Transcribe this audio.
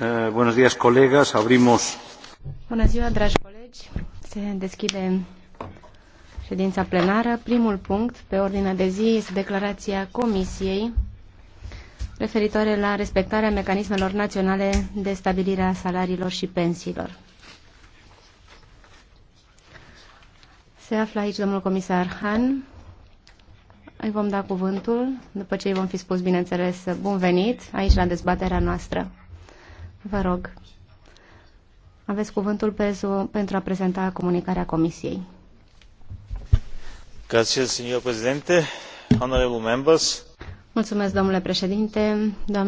Eh, buenos días, colegas. Abrimos. Bună ziua, dragi colegi. Se deschide ședința plenară. Primul punct pe ordinea de zi este declarația Comisiei referitoare la respectarea mecanismelor naționale de stabilire a salariilor și pensiilor. Se află aici domnul comisar Han. Îi vom da cuvântul, după ce îi vom fi spus, bineînțeles, bun venit aici la dezbaterea noastră. Vă rog, aveți cuvântul pentru a prezenta comunicarea Comisiei. Gracias, señor presidente, honorable members. Mulțumesc, domnule președinte, doamnă